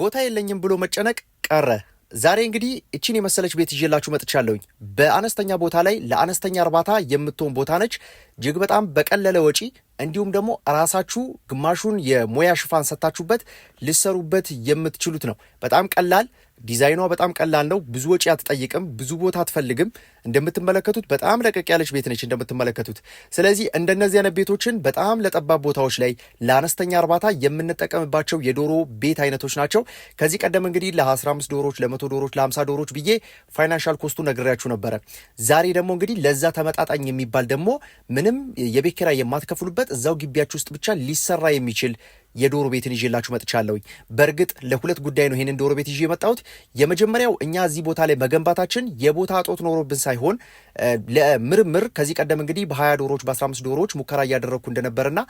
ቦታ የለኝም ብሎ መጨነቅ ቀረ። ዛሬ እንግዲህ እቺን የመሰለች ቤት ይዤላችሁ መጥቻለሁኝ። በአነስተኛ ቦታ ላይ ለአነስተኛ እርባታ የምትሆን ቦታ ነች። እጅግ በጣም በቀለለ ወጪ እንዲሁም ደግሞ ራሳችሁ ግማሹን የሙያ ሽፋን ሰታችሁበት ልሰሩበት የምትችሉት ነው። በጣም ቀላል ዲዛይኗ በጣም ቀላል ነው። ብዙ ወጪ አትጠይቅም። ብዙ ቦታ አትፈልግም። እንደምትመለከቱት በጣም ለቀቅ ያለች ቤት ነች እንደምትመለከቱት። ስለዚህ እንደነዚህ አይነት ቤቶችን በጣም ለጠባብ ቦታዎች ላይ ለአነስተኛ እርባታ የምንጠቀምባቸው የዶሮ ቤት አይነቶች ናቸው። ከዚህ ቀደም እንግዲህ ለ15 ዶሮች፣ ለ100 ዶሮች፣ ለ50 ዶሮች ብዬ ፋይናንሻል ኮስቱ ነግሬያችሁ ነበረ። ዛሬ ደግሞ እንግዲህ ለዛ ተመጣጣኝ የሚባል ደግሞ ምንም የቤት ኪራይ የማትከፍሉበት እዛው ግቢያችሁ ውስጥ ብቻ ሊሰራ የሚችል የዶሮ ቤትን ይዤላችሁ መጥቻለሁ። በእርግጥ ለሁለት ጉዳይ ነው ይሄንን ዶሮ ቤት ይዤ የመጣሁት። የመጀመሪያው እኛ እዚህ ቦታ ላይ መገንባታችን የቦታ እጦት ኖሮብን ሳይሆን ለምርምር ከዚህ ቀደም እንግዲህ በሀያ ዶሮዎች በአስራ አምስት ዶሮዎች ሙከራ እያደረግኩ እንደነበርና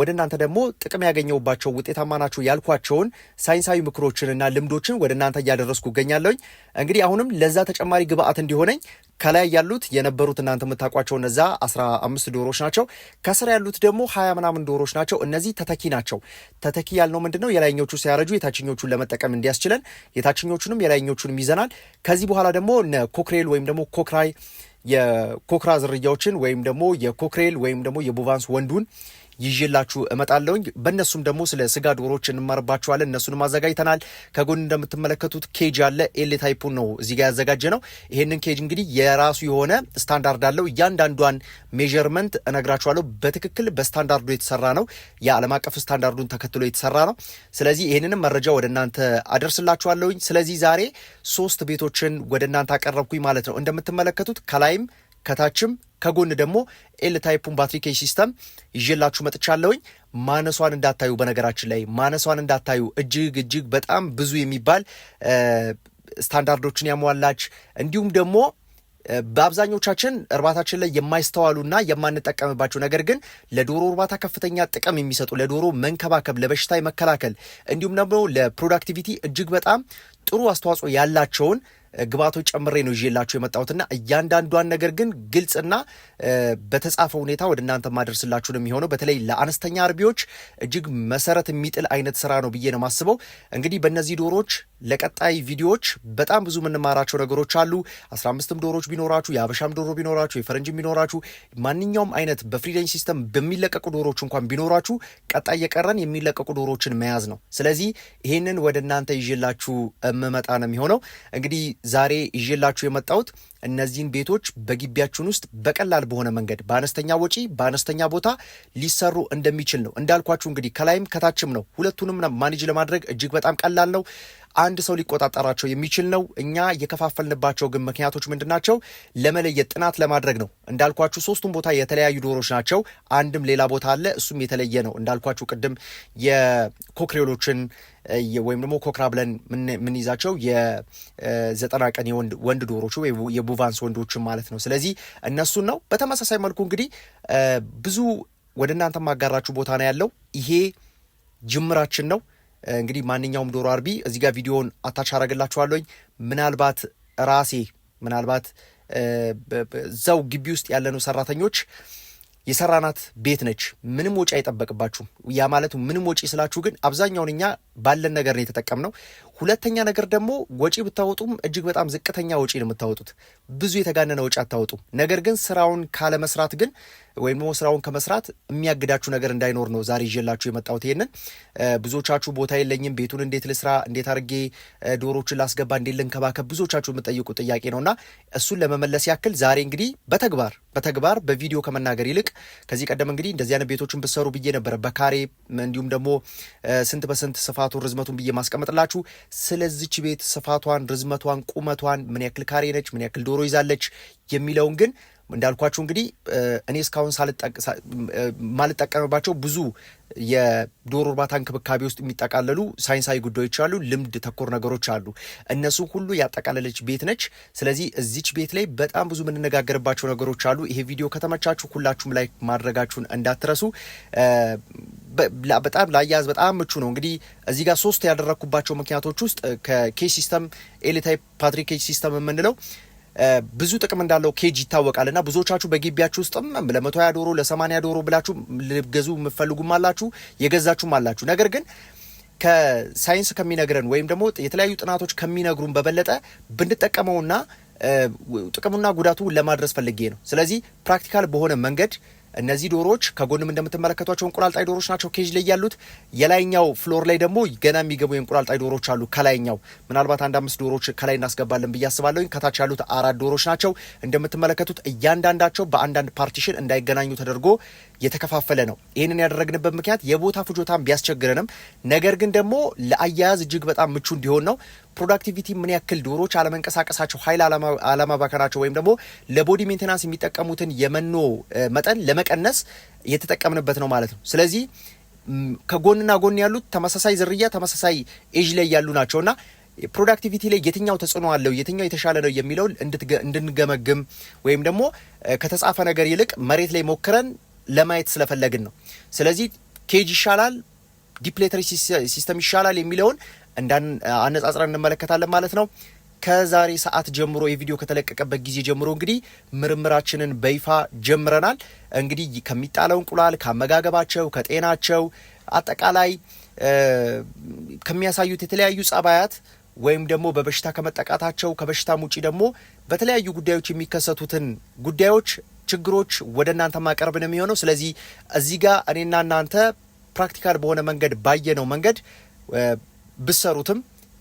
ወደ እናንተ ደግሞ ጥቅም ያገኘውባቸው ውጤታማ ናቸው ያልኳቸውን ሳይንሳዊ ምክሮችንና ልምዶችን ወደ እናንተ እያደረስኩ እገኛለሁኝ። እንግዲህ አሁንም ለዛ ተጨማሪ ግብአት እንዲሆነኝ ከላይ ያሉት የነበሩት እናንተ የምታውቋቸው እነዛ አስራ አምስት ዶሮዎች ናቸው። ከስራ ያሉት ደግሞ ሀያ ምናምን ዶሮዎች ናቸው። እነዚህ ተተኪ ናቸው። ተተኪ ያልነው ምንድን ነው? የላይኞቹ ሲያረጁ የታችኞቹን ለመጠቀም እንዲያስችለን የታችኞቹንም የላይኞቹንም ይዘናል። ከዚህ በኋላ ደግሞ ኮክሬል ወይም ደግሞ ኮክራይ የኮክራ ዝርያዎችን ወይም ደግሞ የኮክሬል ወይም ደግሞ የቡቫንስ ወንዱን ይዤላችሁ እመጣለሁኝ። በእነሱም ደግሞ ስለ ስጋ ዶሮዎች እንማርባቸዋለን እነሱንም አዘጋጅተናል። ከጎን እንደምትመለከቱት ኬጅ አለ። ኤል ታይፑን ነው እዚህ ጋር ያዘጋጀ ነው። ይሄንን ኬጅ እንግዲህ የራሱ የሆነ ስታንዳርድ አለው። እያንዳንዷን ሜርመንት እነግራችኋለሁ። በትክክል በስታንዳርዱ የተሰራ ነው። የዓለም አቀፍ ስታንዳርዱን ተከትሎ የተሰራ ነው። ስለዚህ ይህንንም መረጃ ወደ እናንተ አደርስላችኋለሁኝ። ስለዚህ ዛሬ ሶስት ቤቶችን ወደ እናንተ አቀረብኩኝ ማለት ነው። እንደምትመለከቱት ከላይም ከታችም ከጎን ደግሞ ኤል ታይፑን ባትሪ ኬጅ ሲስተም ይዤላችሁ መጥቻለሁኝ። ማነሷን እንዳታዩ፣ በነገራችን ላይ ማነሷን እንዳታዩ። እጅግ እጅግ በጣም ብዙ የሚባል ስታንዳርዶችን ያሟላች እንዲሁም ደግሞ በአብዛኞቻችን እርባታችን ላይ የማይስተዋሉና የማንጠቀምባቸው ነገር ግን ለዶሮ እርባታ ከፍተኛ ጥቅም የሚሰጡ ለዶሮ መንከባከብ፣ ለበሽታ መከላከል እንዲሁም ደግሞ ለፕሮዳክቲቪቲ እጅግ በጣም ጥሩ አስተዋጽኦ ያላቸውን ግባቶች ጨምሬ ነው ይዤላችሁ የመጣሁትና እያንዳንዷን ነገር ግን ግልጽና በተጻፈ ሁኔታ ወደ እናንተ ማደርስላችሁ ነው የሚሆነው። በተለይ ለአነስተኛ አርቢዎች እጅግ መሰረት የሚጥል አይነት ስራ ነው ብዬ ነው የማስበው። እንግዲህ በእነዚህ ዶሮዎች ለቀጣይ ቪዲዮዎች በጣም ብዙ የምንማራቸው ነገሮች አሉ። አስራ አምስትም ዶሮች ቢኖራችሁ የአበሻም ዶሮ ቢኖራችሁ የፈረንጅም ቢኖራችሁ ማንኛውም አይነት በፍሪደንጅ ሲስተም በሚለቀቁ ዶሮች እንኳን ቢኖራችሁ ቀጣይ የቀረን የሚለቀቁ ዶሮዎችን መያዝ ነው። ስለዚህ ይህንን ወደ እናንተ ይዤላችሁ የምመጣ ነው የሚሆነው። እንግዲህ ዛሬ ይዤላችሁ የመጣሁት እነዚህን ቤቶች በግቢያችን ውስጥ በቀላል በሆነ መንገድ በአነስተኛ ወጪ በአነስተኛ ቦታ ሊሰሩ እንደሚችል ነው። እንዳልኳችሁ እንግዲህ ከላይም ከታችም ነው። ሁለቱንም ማኔጅ ለማድረግ እጅግ በጣም ቀላል ነው። አንድ ሰው ሊቆጣጠራቸው የሚችል ነው። እኛ የከፋፈልንባቸው ግን ምክንያቶች ምንድናቸው? ለመለየት ጥናት ለማድረግ ነው። እንዳልኳችሁ ሶስቱም ቦታ የተለያዩ ዶሮች ናቸው። አንድም ሌላ ቦታ አለ፣ እሱም የተለየ ነው። እንዳልኳችሁ ቅድም የኮክሬሎችን ወይም ደግሞ ኮክራ ብለን የምንይዛቸው የዘጠና ቀን ወንድ ዶሮች ወይ የቡቫንስ ወንዶችን ማለት ነው። ስለዚህ እነሱን ነው። በተመሳሳይ መልኩ እንግዲህ ብዙ ወደ እናንተ ማጋራችሁ ቦታ ነው ያለው። ይሄ ጅምራችን ነው። እንግዲህ ማንኛውም ዶሮ አርቢ እዚህ ጋር ቪዲዮውን አታች አረግላችኋለኝ። ምናልባት ራሴ ምናልባት እዛው ግቢ ውስጥ ያለነው ሰራተኞች የሰራናት ቤት ነች። ምንም ወጪ አይጠበቅባችሁም። ያ ማለት ምንም ወጪ ስላችሁ ግን አብዛኛውን እኛ ባለን ነገር ነው የተጠቀምነው። ሁለተኛ ነገር ደግሞ ወጪ ብታወጡም እጅግ በጣም ዝቅተኛ ወጪ ነው የምታወጡት። ብዙ የተጋነነ ወጪ አታወጡም። ነገር ግን ስራውን ካለመስራት ግን ወይም ደግሞ ስራውን ከመስራት የሚያግዳችሁ ነገር እንዳይኖር ነው ዛሬ ይዤላችሁ የመጣሁት። ይሄንን ብዙዎቻችሁ ቦታ የለኝም፣ ቤቱን እንዴት ልስራ፣ እንዴት አድርጌ ዶሮችን ላስገባ፣ እንዴት ልንከባከብ ብዙዎቻችሁ የምጠይቁ ጥያቄ እና እሱን ለመመለስ ያክል ዛሬ እንግዲህ በተግባር በተግባር በቪዲዮ ከመናገር ይልቅ ከዚህ ቀደም እንግዲህ እንደዚህ አይነት ቤቶችን ብትሰሩ ብዬ ነበረ በካሬ እንዲሁም ደግሞ ስንት በስንት ስፋቱን ርዝመቱን ብዬ ማስቀመጥላችሁ ስለዚች ቤት ስፋቷን፣ ርዝመቷን፣ ቁመቷን ምን ያክል ካሬ ነች፣ ምን ያክል ዶሮ ይዛለች የሚለውን ግን እንዳልኳችሁ እንግዲህ እኔ እስካሁን ማልጠቀምባቸው ብዙ የዶሮ እርባታ እንክብካቤ ውስጥ የሚጠቃለሉ ሳይንሳዊ ጉዳዮች አሉ፣ ልምድ ተኮር ነገሮች አሉ። እነሱ ሁሉ ያጠቃለለች ቤት ነች። ስለዚህ እዚች ቤት ላይ በጣም ብዙ የምንነጋገርባቸው ነገሮች አሉ። ይሄ ቪዲዮ ከተመቻችሁ ሁላችሁም ላይ ማድረጋችሁን እንዳትረሱ። በጣም ለአያያዝ በጣም ምቹ ነው። እንግዲህ እዚህ ጋር ሶስት ያደረግኩባቸው ምክንያቶች ውስጥ ከኬጅ ሲስተም ኤሌታይ ፓትሪክ ኬጅ ሲስተም የምንለው ብዙ ጥቅም እንዳለው ኬጅ ይታወቃል እና ብዙዎቻችሁ በግቢያችሁ ውስጥም ለመቶ ሀያ ዶሮ ለሰማኒያ ዶሮ ብላችሁ ልገዙ የምፈልጉም አላችሁ የገዛችሁም አላችሁ። ነገር ግን ከሳይንስ ከሚነግረን ወይም ደግሞ የተለያዩ ጥናቶች ከሚነግሩን በበለጠ ብንጠቀመውና ጥቅሙና ጉዳቱ ለማድረስ ፈልጌ ነው። ስለዚህ ፕራክቲካል በሆነ መንገድ እነዚህ ዶሮዎች ከጎንም እንደምትመለከቷቸው እንቁላል ጣይ ዶሮዎች ናቸው ኬጅ ላይ ያሉት። የላይኛው ፍሎር ላይ ደግሞ ገና የሚገቡ የእንቁላል ጣይ ዶሮዎች አሉ። ከላይኛው ምናልባት አንድ አምስት ዶሮዎች ከላይ እናስገባለን ብዬ አስባለሁ። ከታች ያሉት አራት ዶሮዎች ናቸው እንደምትመለከቱት። እያንዳንዳቸው በአንዳንድ ፓርቲሽን እንዳይገናኙ ተደርጎ የተከፋፈለ ነው። ይህንን ያደረግንበት ምክንያት የቦታ ፍጆታም ቢያስቸግረንም ነገር ግን ደግሞ ለአያያዝ እጅግ በጣም ምቹ እንዲሆን ነው። ፕሮዳክቲቪቲ ምን ያክል ዶሮች አለመንቀሳቀሳቸው፣ ኃይል አለማባከናቸው ወይም ደግሞ ለቦዲ ሜንቴናንስ የሚጠቀሙትን የመኖ መጠን ለመቀነስ የተጠቀምንበት ነው ማለት ነው። ስለዚህ ከጎንና ጎን ያሉት ተመሳሳይ ዝርያ ተመሳሳይ ኤጅ ላይ ያሉ እና ፕሮዳክቲቪቲ ላይ የትኛው ተጽዕኖ አለው የትኛው የተሻለ ነው የሚለው እንድንገመግም ወይም ደግሞ ከተጻፈ ነገር ይልቅ መሬት ላይ ሞክረን ለማየት ስለፈለግን ነው። ስለዚህ ኬጅ ይሻላል ዲፕሌተሪ ሲስተም ይሻላል የሚለውን እንዳን አነጻጽረን እንመለከታለን ማለት ነው። ከዛሬ ሰዓት ጀምሮ የቪዲዮ ከተለቀቀበት ጊዜ ጀምሮ እንግዲህ ምርምራችንን በይፋ ጀምረናል። እንግዲህ ከሚጣለው እንቁላል፣ ከአመጋገባቸው፣ ከጤናቸው አጠቃላይ ከሚያሳዩት የተለያዩ ጸባያት ወይም ደግሞ በበሽታ ከመጠቃታቸው ከበሽታም ውጪ ደግሞ በተለያዩ ጉዳዮች የሚከሰቱትን ጉዳዮች፣ ችግሮች ወደ እናንተ ማቀረብ ነው የሚሆነው። ስለዚህ እዚህ ጋር እኔና እናንተ ፕራክቲካል በሆነ መንገድ ባየነው መንገድ ብሰሩትም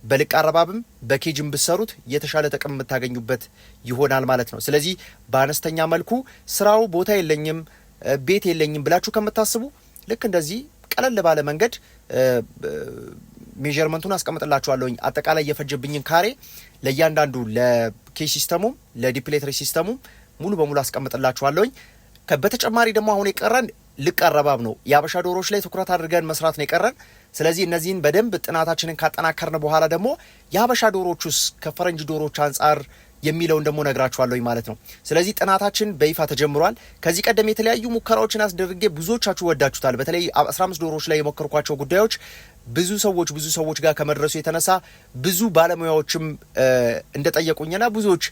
በልቅ አረባብም በኬጅም ብሰሩት የተሻለ ጥቅም የምታገኙበት ይሆናል ማለት ነው። ስለዚህ በአነስተኛ መልኩ ስራው ቦታ የለኝም ቤት የለኝም ብላችሁ ከምታስቡ ልክ እንደዚህ ቀለል ባለ መንገድ ሜዠርመንቱን አስቀምጥላችኋለሁኝ አጠቃላይ የፈጀብኝን ካሬ ለእያንዳንዱ ለኬጅ ሲስተሙም ለዲፕሌትሪ ሲስተሙም ሙሉ በሙሉ አስቀምጥላችኋለሁኝ። በተጨማሪ ደግሞ አሁን የቀረን ልቅ አረባብ ነው። የአበሻ ዶሮዎች ላይ ትኩረት አድርገን መስራት ነው የቀረን። ስለዚህ እነዚህን በደንብ ጥናታችንን ካጠናከርን በኋላ ደግሞ የአበሻ ዶሮዎች ከፈረንጅ ዶሮዎች አንጻር የሚለውን ደግሞ ነግራችኋለሁኝ ማለት ነው። ስለዚህ ጥናታችን በይፋ ተጀምሯል። ከዚህ ቀደም የተለያዩ ሙከራዎችን አስደርጌ ብዙዎቻችሁ ወዳችሁታል። በተለይ 15 ዶሮዎች ላይ የሞከርኳቸው ጉዳዮች ብዙ ሰዎች ብዙ ሰዎች ጋር ከመድረሱ የተነሳ ብዙ ባለሙያዎችም እንደጠየቁኝና ብዙዎች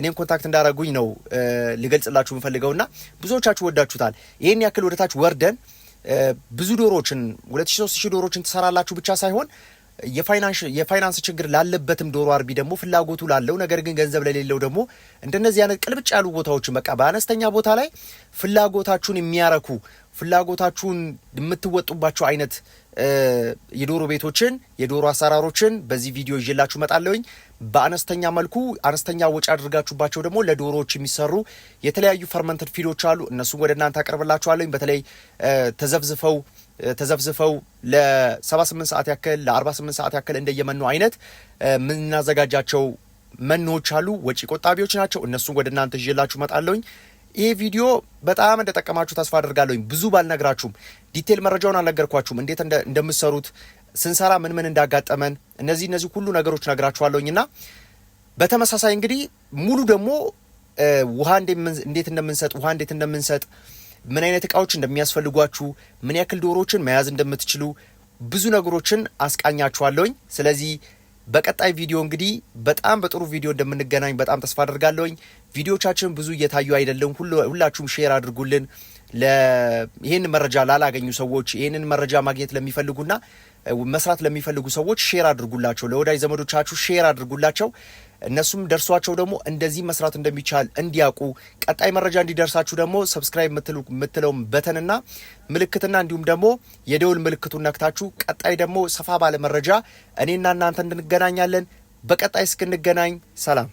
እኔም ኮንታክት እንዳረጉኝ ነው ልገልጽላችሁ የምፈልገው እና ብዙዎቻችሁ ወዳችሁታል። ይህን ያክል ወደታች ወርደን ብዙ ዶሮችን ሁለት ሺ ሶስት ሺ ዶሮችን ትሰራላችሁ ብቻ ሳይሆን የፋይናንስ ችግር ላለበትም ዶሮ አርቢ ደግሞ ፍላጎቱ ላለው ነገር ግን ገንዘብ ለሌለው ደግሞ እንደነዚህ አይነት ቅልብጭ ያሉ ቦታዎችን በቃ በአነስተኛ ቦታ ላይ ፍላጎታችሁን የሚያረኩ ፍላጎታችሁን የምትወጡባቸው አይነት የዶሮ ቤቶችን የዶሮ አሰራሮችን በዚህ ቪዲዮ ይዤላችሁ መጣለውኝ። በአነስተኛ መልኩ አነስተኛ ወጪ አድርጋችሁባቸው ደግሞ ለዶሮዎች የሚሰሩ የተለያዩ ፈርመንትድ ፊዶች አሉ። እነሱን ወደ እናንተ አቀርብላችኋለሁኝ። በተለይ ተዘፍዝፈው ተዘፍዝፈው ለ78 ሰዓት ያክል ለ48 ሰዓት ያክል እንደየመኖ አይነት የምናዘጋጃቸው መኖዎች አሉ። ወጪ ቆጣቢዎች ናቸው። እነሱም ወደ እናንተ ይዤላችሁ መጣለውኝ። ይህ ቪዲዮ በጣም እንደጠቀማችሁ ተስፋ አድርጋለሁኝ። ብዙ ባልነግራችሁም ዲቴል መረጃውን አልነገርኳችሁም፣ እንዴት እንደምሰሩት ስንሰራ ምን ምን እንዳጋጠመን እነዚህ እነዚህ ሁሉ ነገሮች ነግራችኋለሁኝ እና በተመሳሳይ እንግዲህ ሙሉ ደግሞ ውሃ እንዴት እንደምንሰጥ ውሃ እንዴት እንደምንሰጥ ምን አይነት እቃዎች እንደሚያስፈልጓችሁ ምን ያክል ዶሮዎችን መያዝ እንደምትችሉ ብዙ ነገሮችን አስቃኛችኋለሁኝ። ስለዚህ በቀጣይ ቪዲዮ እንግዲህ በጣም በጥሩ ቪዲዮ እንደምንገናኝ በጣም ተስፋ አድርጋለሁኝ። ቪዲዮቻችን ብዙ እየታዩ አይደለም። ሁላችሁም ሼር አድርጉልን። ይህን መረጃ ላላገኙ ሰዎች ይህንን መረጃ ማግኘት ለሚፈልጉና መስራት ለሚፈልጉ ሰዎች ሼር አድርጉላቸው። ለወዳጅ ዘመዶቻችሁ ሼር አድርጉላቸው። እነሱም ደርሷቸው ደግሞ እንደዚህ መስራት እንደሚቻል እንዲያውቁ፣ ቀጣይ መረጃ እንዲደርሳችሁ ደግሞ ሰብስክራይብ የምትለውን በተንና ምልክትና እንዲሁም ደግሞ የደውል ምልክቱን ነክታችሁ ቀጣይ ደግሞ ሰፋ ባለ መረጃ እኔና እናንተ እንገናኛለን። በቀጣይ እስክንገናኝ ሰላም።